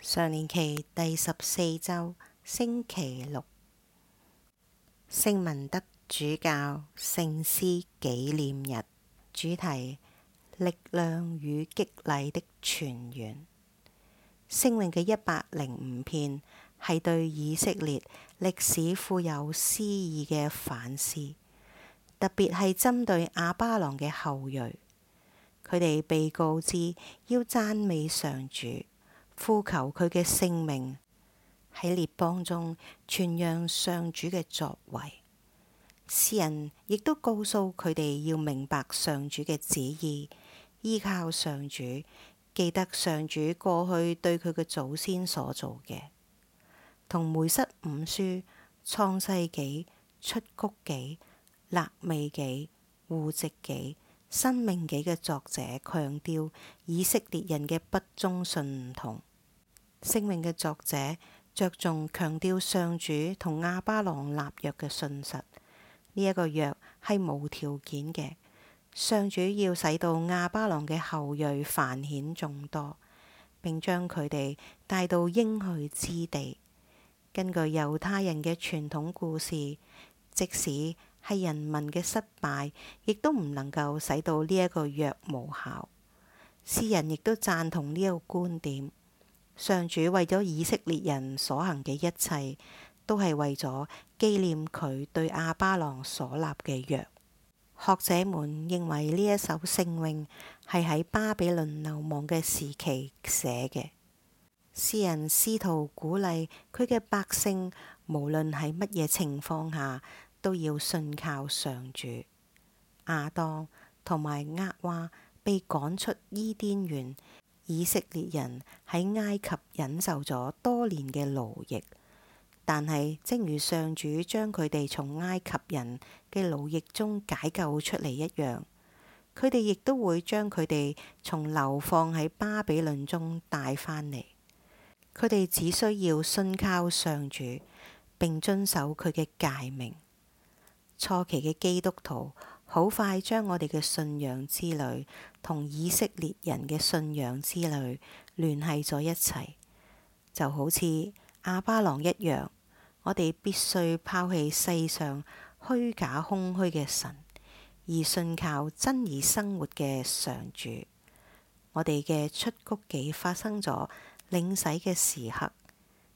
上年期第十四周星期六，聖文德主教聖師紀念日主題：力量與激勵的傳員。聲明《聖詠》嘅一百零五篇係對以色列歷史富有詩意嘅反思，特別係針對阿巴郎嘅後裔，佢哋被告知要讚美上主。呼求佢嘅聖名，喺列邦中傳揚上主嘅作為，詩人亦都告訴佢哋要明白上主嘅旨意，依靠上主，記得上主過去對佢嘅祖先所做嘅。同梅瑟五書創世紀、出谷紀、肋未記、戶籍紀、申命記嘅作者強調，以色列人嘅不忠信唔同。《聖詠》嘅作者着重強調上主同亞巴郎立約嘅信實，呢一個約係無條件嘅。上主要使到亞巴郎嘅後裔繁衍眾多，並將佢哋帶到應許之地。根據猶太人嘅傳統故事，即使係人民嘅失敗，亦都唔能夠使到呢一個約無效。詩人亦都贊同呢個觀點。上主為咗以色列人所行嘅一切，都係為咗紀念佢對亞巴郎所立嘅約。學者們認為呢一首聖詠係喺巴比倫流亡嘅時期寫嘅。詩人試圖鼓勵佢嘅百姓，無論喺乜嘢情況下，都要信靠上主。亞當同埋厄娃被趕出伊甸園。以色列人喺埃及忍受咗多年嘅奴役，但係正如上主將佢哋從埃及人嘅奴役中解救出嚟一樣，佢哋亦都會將佢哋從流放喺巴比倫中帶翻嚟。佢哋只需要信靠上主並遵守佢嘅誡命。初期嘅基督徒。好快將我哋嘅信仰之旅同以色列人嘅信仰之旅聯繫咗一齊，就好似亞巴郎一樣。我哋必須拋棄世上虛假空虛嘅神，而信靠真而生活嘅上主。我哋嘅出谷記發生咗領洗嘅時刻，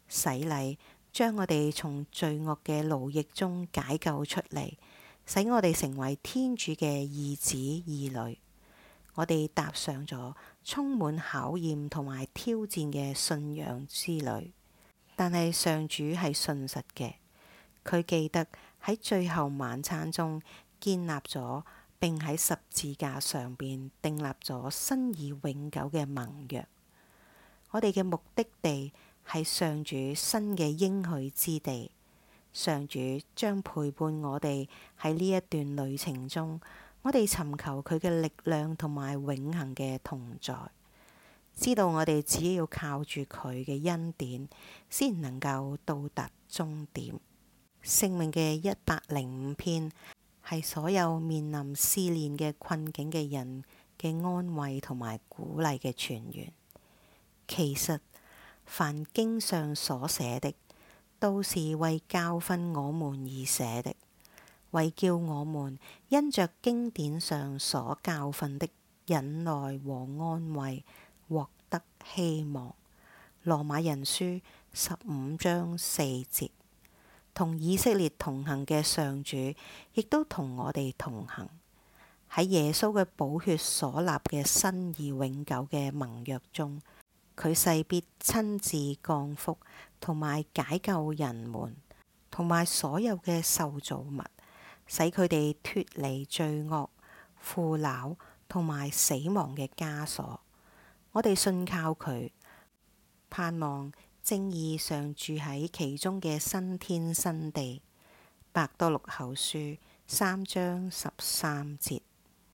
洗禮將我哋從罪惡嘅奴役中解救出嚟。使我哋成為天主嘅義子義女，我哋踏上咗充滿考驗同埋挑戰嘅信仰之旅。但係上主係信實嘅，佢記得喺最後晚餐中建立咗，並喺十字架上面訂立咗新而永久嘅盟約。我哋嘅目的地係上主新嘅應許之地。上主將陪伴我哋喺呢一段旅程中，我哋尋求佢嘅力量同埋永恆嘅同在，知道我哋只要靠住佢嘅恩典，先能夠到達終點。聖詠嘅一百零五篇係所有面臨試煉嘅困境嘅人嘅安慰同埋鼓勵嘅泉源。其實，凡經上所寫的，都是為教訓我們而寫的，為叫我們因着經典上所教訓的忍耐和安慰，獲得希望。羅馬人書十五章四節，同以色列同行嘅上主，亦都同我哋同行。喺耶穌嘅寶血所立嘅新而永久嘅盟約中。佢勢必親自降福，同埋解救人們，同埋所有嘅受造物，使佢哋脫離罪惡、腐朽同埋死亡嘅枷鎖。我哋信靠佢，盼望正義常住喺其中嘅新天新地。伯多祿後書三章十三節。